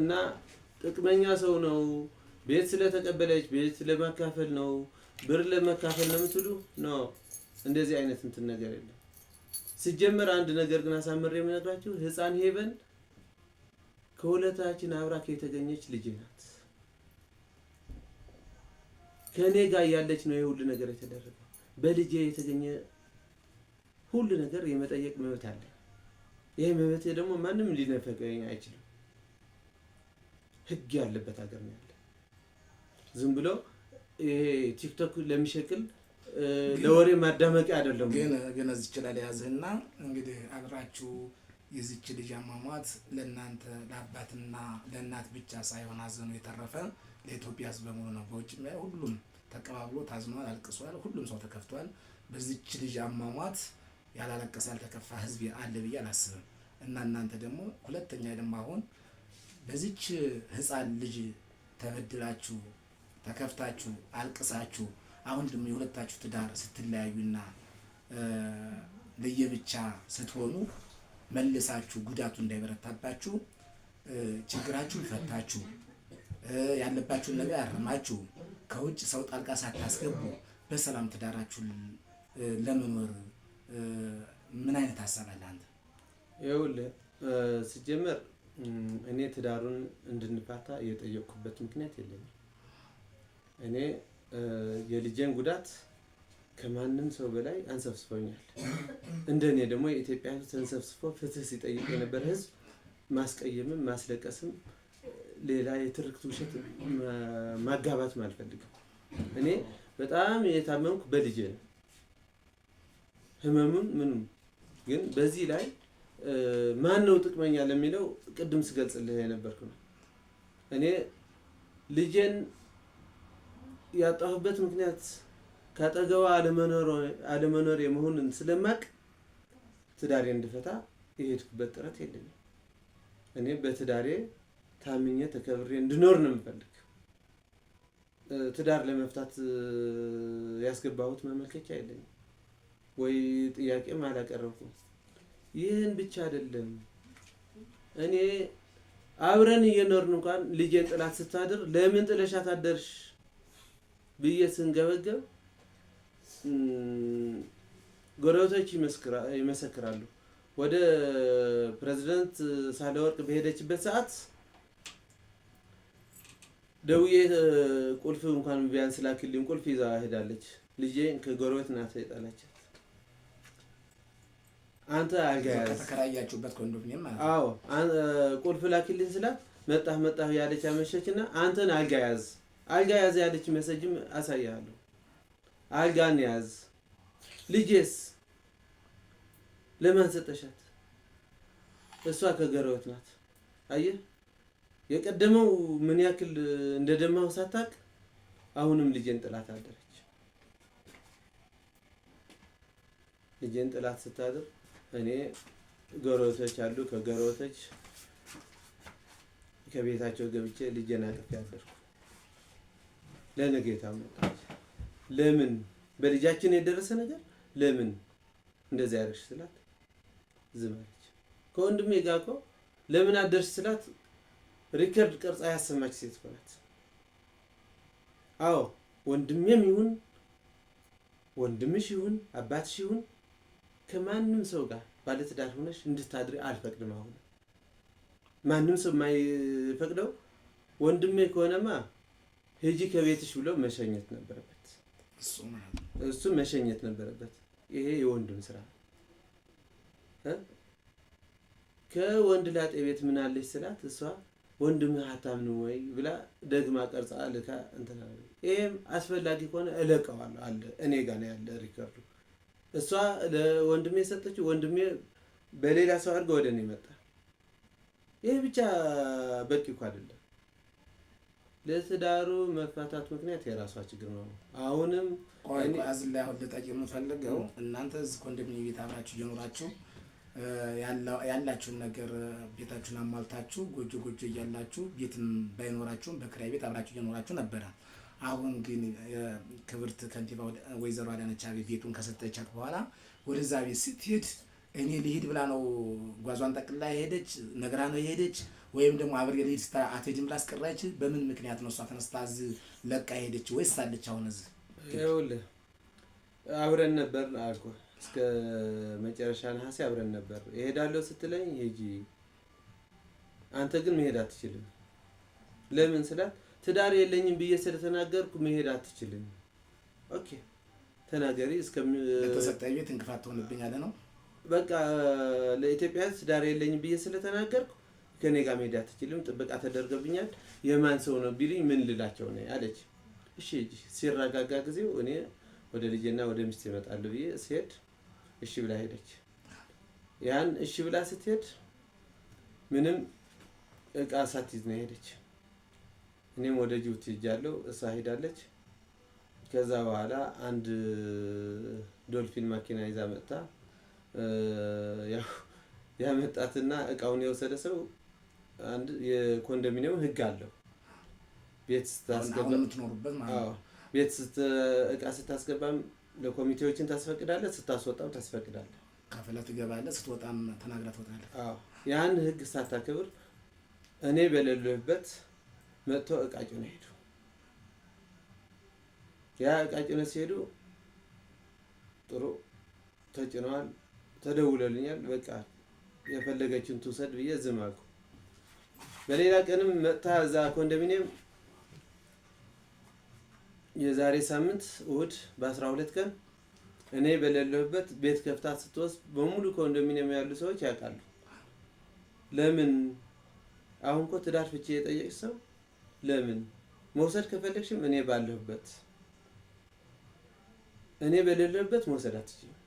እና ጥቅመኛ ሰው ነው። ቤት ስለተቀበለች ቤት ለመካፈል ነው፣ ብር ለመካፈል ነው የምትሉ ነው። እንደዚህ አይነት እንትን ነገር የለም። ሲጀመር አንድ ነገር ግን አሳምሬ የምነግራችሁ ህፃን ሄቨን ከሁለታችን አብራክ የተገኘች ልጅ ናት። ከእኔ ጋር ያለች ነው የሁሉ ነገር የተደረገ በልጅ የተገኘ ሁሉ ነገር የመጠየቅ መብት አለ። ይሄ መብት ደግሞ ማንም ሊነፈቀኝ አይችልም። ህግ ያለበት ሀገር ነው ያለ። ዝም ብሎ ይሄ ቲክቶክ ለሚሸቅል ለወሬ ማዳመቂያ አይደለም። ግን ግን እዚች ላይ ያዝህና እንግዲህ አብራችሁ የዚች ልጅ አሟሟት ለእናንተ ለአባትና ለእናት ብቻ ሳይሆን አዘኑ የተረፈ ለኢትዮጵያ ህዝብ በመሆኑ ነው። በውጭ ላይ ሁሉም ተቀባብሎ ታዝኗል፣ አልቅሷል። ሁሉም ሰው ተከፍቷል። በዚች ልጅ አሟሟት ያላለቀሰ ያልተከፋ ህዝብ አለ ብዬ አላስብም። እና እናንተ ደግሞ ሁለተኛ ደግሞ አሁን በዚች ህፃን ልጅ ተበድላችሁ ተከፍታችሁ አልቅሳችሁ አሁን ደግሞ የሁለታችሁ ትዳር ስትለያዩና ለየብቻ ስትሆኑ መልሳችሁ ጉዳቱ እንዳይበረታባችሁ ችግራችሁን ፈታችሁ ያለባችሁን ነገር ያርማችሁ ከውጭ ሰው ጣልቃ ሳታስገቡ በሰላም ትዳራችሁን ለመኖር ምን አይነት ሀሳብ አለ አንተ? ይኸውልህ ሲጀመር እኔ ትዳሩን እንድንፋታ የጠየቅኩበት ምክንያት የለኝም። እኔ የልጄን ጉዳት ከማንም ሰው በላይ አንሰብስፎኛል። እንደ እኔ ደግሞ የኢትዮጵያ ሕዝብ ተንሰብስፎ ፍትህ ሲጠይቅ የነበረ ሕዝብ ማስቀየምም ማስለቀስም ሌላ የትርክት ውሸት ማጋባትም አልፈልግም። እኔ በጣም የታመምኩ በልጄ ነው። ህመሙን ምንም ግን በዚህ ላይ ማን ነው ጥቅመኛ ለሚለው ቅድም ስገልጽልህ የነበርኩ ነው። እኔ ልጄን ያጣሁበት ምክንያት ካጠገቧ አለመኖር የመሆንን ስለማቅ ትዳሬ እንድፈታ የሄድኩበት ጥረት የለኝም። እኔ በትዳሬ ታምኜ ተከብሬ እንድኖር ነው የምፈልግ። ትዳር ለመፍታት ያስገባሁት መመልከቻ የለኝም ወይ ጥያቄም አላቀረብኩም። ይህን ብቻ አይደለም እኔ አብረን እየኖርን እንኳን ልጄን ጥላት ስታድር ለምን ጥለሻት አደርሽ ብዬ ስንገበገብ ጎረቤቶች ይመሰክራሉ። ወደ ፕሬዝደንት ሳህለወርቅ በሄደችበት ሰዓት ደውዬ ቁልፍ እንኳን ቢያንስ ላክልኝ ቁልፍ ይዛ ሄዳለች። ልጄ ከጎረቤት ናት የጣለቻት። አንተ አልጋ ያዝ ከተከራያችሁበት ኮንዶሚኒየም ማለት ነው። አዎ ቁልፍ ላኪልኝ ስላት መጣህ መጣህ ያለች አመሸች እና አንተን አልጋ ያዝ አልጋ ያዝ ያለች መሰጅም አሳያለሁ። አልጋን ያዝ ልጄስ ለማን ሰጠሻት? እሷ ከገረወት ናት። አየህ የቀደመው ምን ያክል እንደደማው ሳታቅ አሁንም ልጄን ጥላት አደረች። ልጄን ጥላት ስታድር እኔ ገሮቶች አሉ። ከገሮቶች ከቤታቸው ገብቼ ልጄን አቅፌ ያደርኩ ለነገታ መጣች። ለምን በልጃችን የደረሰ ነገር ለምን እንደዚያ ያደርሽ ስላት ዝም አለች። ከወንድሜ ጋር እኮ ለምን አደርሽ ስላት ሪከርድ ቅርጻ ያሰማች ሴት እኮ ናት። አዎ ወንድሜም ይሁን ወንድምሽ ይሁን አባትሽ ይሁን ከማንም ሰው ጋር ባለትዳር ሆነሽ እንድታድሪ አልፈቅድም። አሁን ማንም ሰው የማይፈቅደው ወንድሜ ከሆነማ ሂጂ ከቤትሽ ብሎ መሸኘት ነበረበት። እሱ መሸኘት ነበረበት። ይሄ የወንድም ስራ። ከወንድ ላጤ ቤት ምናለች ስላት እሷ ወንድምህ ሀብታም ነው ወይ ብላ ደግማ ቀርጻ ልካ እንትና ይሄም አስፈላጊ ከሆነ እለቀዋለሁ አለ። እኔ ጋ ነው ያለ ሪከርዱ እሷ ለወንድሜ የሰጠችው ወንድሜ በሌላ ሰው አድርገ ወደ እኔ መጣ። ይህ ብቻ በቂ እኮ አይደለም። ለትዳሩ መፋታት ምክንያት የራሷ ችግር ነው። አሁንም አዝን ላይ አሁን ልጠቅ የምፈልገው እናንተ እዚህ ኮንዶሚኒየም ቤት አብራችሁ እየኖራችሁ ያላችሁን ነገር ቤታችሁን አሟልታችሁ ጎጆ ጎጆ እያላችሁ ቤትም ባይኖራችሁም በክራይ ቤት አብራችሁ እየኖራችሁ ነበረ። አሁን ግን ክብርት ከንቲባ ወይዘሮ አዳነች አቤቤ ቤቱን ከሰጠቻት በኋላ ወደዛ ቤት ስትሄድ እኔ ልሄድ ብላ ነው ጓዟን ጠቅላ የሄደች ነግራ ነው የሄደች፣ ወይም ደግሞ አብሬ ልሂድ አትሄጂም ብላ አስቀራች። በምን ምክንያት ነው እሷ ተነስታ እዚህ ለቃ ሄደች? ወይስ አለች አሁን እዚህ? ይኸውልህ አብረን ነበር አልኩህ እስከ መጨረሻ ነሐሴ አብረን ነበር። እሄዳለሁ ስትለኝ ሄጂ አንተ ግን መሄድ አትችልም ለምን ስላት ትዳር የለኝም ብዬ ስለተናገርኩ መሄድ አትችልም። ኦኬ ተናገሪ እስከተሰጠኝ ቤት እንቅፋት ትሆንብኝ አለ ነው። በቃ ለኢትዮጵያ ሕዝብ ትዳር የለኝም ብዬ ስለተናገርኩ ከኔ ጋር መሄድ አትችልም፣ ጥበቃ ተደርገብኛል። የማን ሰው ነው ቢልኝ ምን ልላቸው ነ አለች። እሺ ሲረጋጋ ጊዜው እኔ ወደ ልጄና ወደ ሚስት ይመጣሉ ብዬ ስሄድ እሺ ብላ ሄደች። ያን እሺ ብላ ስትሄድ ምንም እቃ ሳትይዝ ነው ሄደች። እኔም ወደ ጅቡቲ ሄጃለሁ። እሷ ሄዳለች። ከዛ በኋላ አንድ ዶልፊን መኪና ይዛ መጥታ ያመጣትና እቃውን የወሰደ ሰው አንድ የኮንዶሚኒየም ህግ አለው። ቤት ስታስገባ ቤት እቃ ስታስገባም ለኮሚቴዎችን ታስፈቅዳለህ፣ ስታስወጣም ታስፈቅዳለህ። ካፍላ ትገባለህ፣ ስትወጣም ትወጣለህ። ያን ህግ ሳታክብር እኔ በሌለሁበት መጥቶ እቃ ጭነው ሄዱ። ያ እቃ ጭነው ሲሄዱ ጥሩ ተጭነዋል፣ ተደውለልኛል። በቃ የፈለገችን ትውሰድ ብዬ ዝም አልኩ። በሌላ ቀንም መጥታ እዛ ኮንዶሚኒየም የዛሬ ሳምንት እሑድ በ12 ቀን እኔ በሌለሁበት ቤት ከፍታ ስትወስድ በሙሉ ኮንዶሚኒየም ያሉ ሰዎች ያውቃሉ። ለምን አሁን እኮ ትዳር ፍቺ የጠየቅሽ ሰው ለምን መውሰድ ከፈለግሽም እኔ ባለሁበት እኔ በሌለበት መውሰድ አትችይም።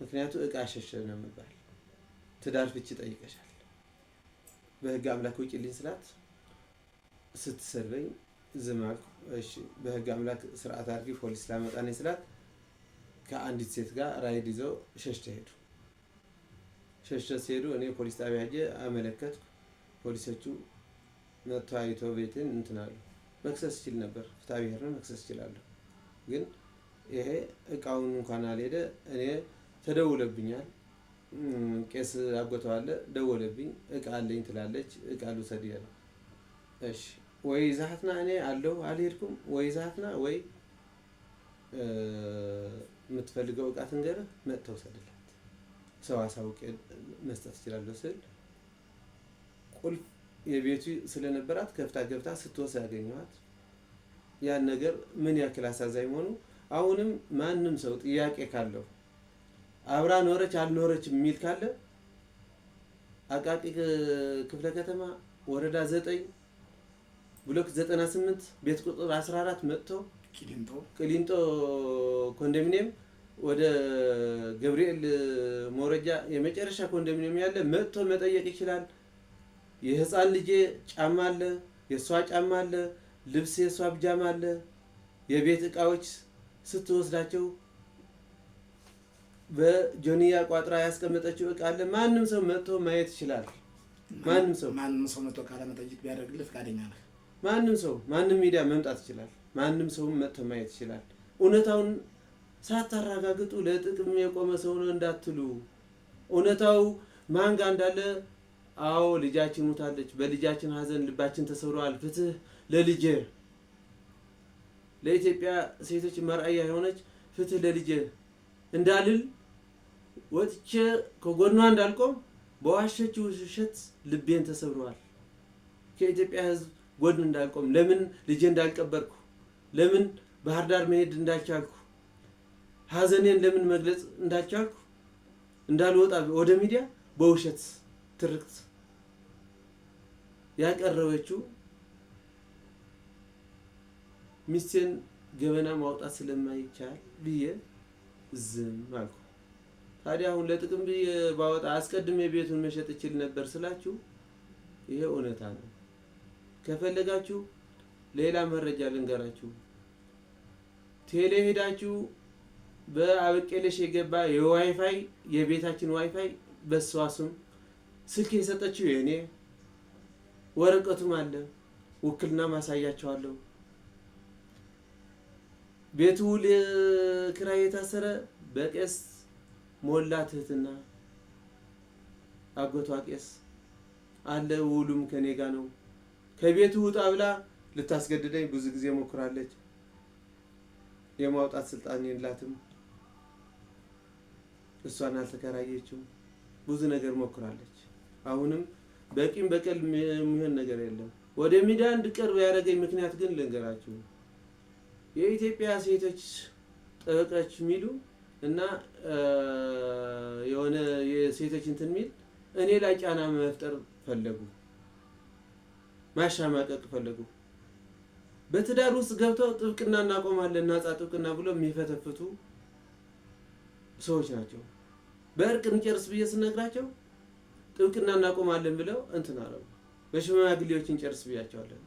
ምክንያቱ እቃ ሸሸ ነው የምባል ትዳር ፍቺ ጠይቀሻል። በህግ አምላክ ልኝ ስላት ስትሰርበኝ ዝም አልኩ። እሺ በህግ አምላክ ስርዓት አድርጊ ፖሊስ ላመጣልኝ ስላት ከአንዲት ሴት ጋር ራይድ ይዘው ሸሽተ ሄዱ። ሸሽተ ሲሄዱ እኔ ፖሊስ ጣቢያ ሄጄ አመለከትኩ። ፖሊሶቹ መጥቶ አይቶ ቤትን እንትን መክሰስ ይችል ነበር። ፍትሐ ብሔርን መክሰስ ይችላለሁ። ግን ይሄ እቃውን እንኳን አልሄደ። እኔ ተደውለብኛል። ቄስ አጎተዋለ ደወለብኝ። እቃ አለኝ ትላለች። እቃ ልውሰድ ያለ እሺ፣ ወይ ይዛትና እኔ አለው አልሄድኩም። ወይ ይዛትና ወይ የምትፈልገው እቃ ትንገርህ፣ መጥተው ሰድላት ሰው አሳውቄ መስጠት ይችላለሁ ስል ቁልፍ የቤቱ ስለነበራት ከፍታ ገብታ ስትወስድ ያገኘዋት ያን ነገር ምን ያክል አሳዛኝ መሆኑ አሁንም ማንም ሰው ጥያቄ ካለው አብራ ኖረች አልኖረች የሚል ካለ አቃቂ ክፍለ ከተማ ወረዳ ዘጠኝ ብሎክ 98 ቤት ቁጥር 14 መጥቶ ቅሊንጦ ኮንዶሚኒየም ወደ ገብርኤል መውረጃ የመጨረሻ ኮንዶሚኒየም ያለ መጥቶ መጠየቅ ይችላል። የህፃን ልጄ ጫማ አለ፣ የእሷ ጫማ አለ፣ ልብስ የእሷ ብጃማ አለ። የቤት እቃዎች ስትወስዳቸው በጆንያ ቋጥራ ያስቀመጠችው እቃ አለ። ማንም ሰው መጥቶ ማየት ይችላል። ማንም ሰው ማንም ሰው መጥቶ ካለመጠየቅ ቢያደርግልህ ፈቃደኛ ነህ? ማንም ሰው ማንም ሚዲያ መምጣት ይችላል። ማንም ሰው መጥቶ ማየት ይችላል። እውነታውን ሳታረጋግጡ ለጥቅም የቆመ ሰው ነው እንዳትሉ። እውነታው ማንጋ እንዳለ አዎ ልጃችን ሙታለች፣ በልጃችን ሀዘን ልባችን ተሰብረዋል። ፍትህ ለልጄ ለኢትዮጵያ ሴቶች መርአያ የሆነች ፍትህ ለልጄ እንዳልል ወጥቼ ከጎኗ እንዳልቆም በዋሸች ውሸት ልቤን ተሰብረዋል። ከኢትዮጵያ ሕዝብ ጎን እንዳልቆም ለምን ልጄ እንዳልቀበርኩ ለምን ባህር ዳር መሄድ እንዳልቻልኩ ሀዘኔን ለምን መግለጽ እንዳልቻልኩ እንዳልወጣ ወደ ሚዲያ በውሸት ትርክት ያቀረበችው ሚስቴን ገበና ማውጣት ስለማይቻል ብዬ ዝም አልኩ። ታዲያ አሁን ለጥቅም ብዬ ባወጣ አስቀድሜ ቤቱን መሸጥ እችል ነበር ስላችሁ ይሄ እውነታ ነው። ከፈለጋችሁ ሌላ መረጃ ልንገራችሁ። ቴሌ ሄዳችሁ በአበቄለሽ የገባ የዋይፋይ የቤታችን ዋይፋይ በሷ ስም ስልክ የሰጠችው የእኔ ወረቀቱም አለ፣ ውክልና ማሳያቸዋለሁ። ቤቱ ለኪራይ የታሰረ በቄስ ሞላ ትህትና አጎቷ ቄስ አለ። ውሉም ከኔ ጋ ነው። ከቤቱ ውጣ ብላ ልታስገድደኝ ብዙ ጊዜ ሞክራለች። የማውጣት ስልጣን የላትም። እሷን አልተከራየችም። ብዙ ነገር ሞክራለች። አሁንም በቂም በቀል የሚሆን ነገር የለም። ወደ ሚዲያ እንድቀርብ ያደረገኝ ምክንያት ግን ልንገራችሁ። የኢትዮጵያ ሴቶች ጠበቃች የሚሉ እና የሆነ የሴቶች እንትን የሚል እኔ ላይ ጫና መፍጠር ፈለጉ፣ ማሻማቀቅ ፈለጉ። በትዳር ውስጥ ገብተው ጥብቅና እናቆማለን እናጻ ጥብቅና ብሎ የሚፈተፍቱ ሰዎች ናቸው። በእርቅ እንጨርስ ብዬ ስነግራቸው ጥብቅና እናቆማለን ብለው እንትን አለው። በሽማግሌዎች እንጨርስ ብያቸዋለን።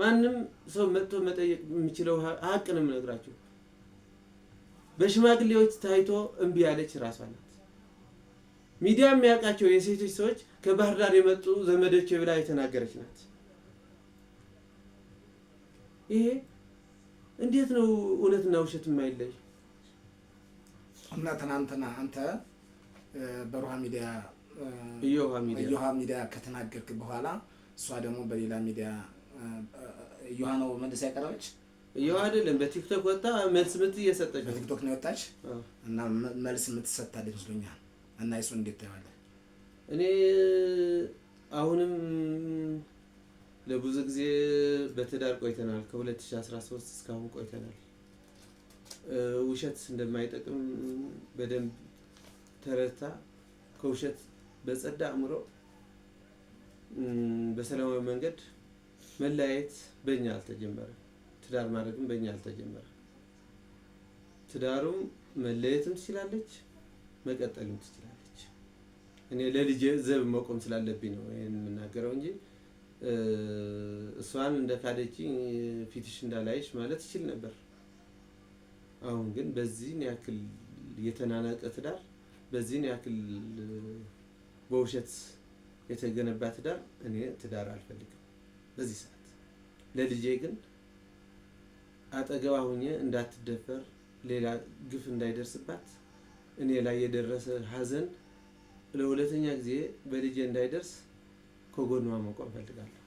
ማንም ሰው መጥቶ መጠየቅ የሚችለው ሀቅ ነው የምነግራችሁ። በሽማግሌዎች ታይቶ እምቢ ያለች ራሷ ናት። ሚዲያ የሚያውቃቸው የሴቶች ሰዎች ከባህር ዳር የመጡ ዘመዶች ብላ የተናገረች ናት። ይሄ እንዴት ነው እውነትና ውሸት የማይለይ እና ትናንትና አንተ በሮሃ ሚዲያ እዮሃ ሚዲያ ከተናገርክ በኋላ እሷ ደግሞ በሌላ ሚዲያ እዮሃ ነው መልስ ያቀረበች። እዮሃ አይደለም በቲክቶክ ወጣ መልስ ምት እየሰጠች በቲክቶክ ነው የወጣች እና መልስ የምትሰጣለች መስሎኛል። እና ይሱ እንዴት ታየዋለህ? እኔ አሁንም ለብዙ ጊዜ በትዳር ቆይተናል። ከ2013 እስካሁን ቆይተናል። ውሸት እንደማይጠቅም በደንብ ተረድታ ከውሸት በጸዳ አእምሮ በሰላማዊ መንገድ መለያየት በእኛ አልተጀመረም። ትዳር ማድረግም በእኛ አልተጀመረም። ትዳሩም መለየትም ትችላለች፣ መቀጠልም ትችላለች። እኔ ለልጄ ዘብ መቆም ስላለብኝ ነው ይህን የምናገረው እንጂ እሷን እንደ ካደች ፊትሽ እንዳላይሽ ማለት ይችል ነበር። አሁን ግን በዚህን ያክል የተናነቀ ትዳር በዚህን ያክል በውሸት የተገነባ ትዳር እኔ ትዳር አልፈልግም። በዚህ ሰዓት ለልጄ ግን አጠገባ ሁኜ እንዳትደፈር፣ ሌላ ግፍ እንዳይደርስባት፣ እኔ ላይ የደረሰ ሀዘን ለሁለተኛ ጊዜ በልጄ እንዳይደርስ ከጎኗ መቆም ፈልጋለሁ።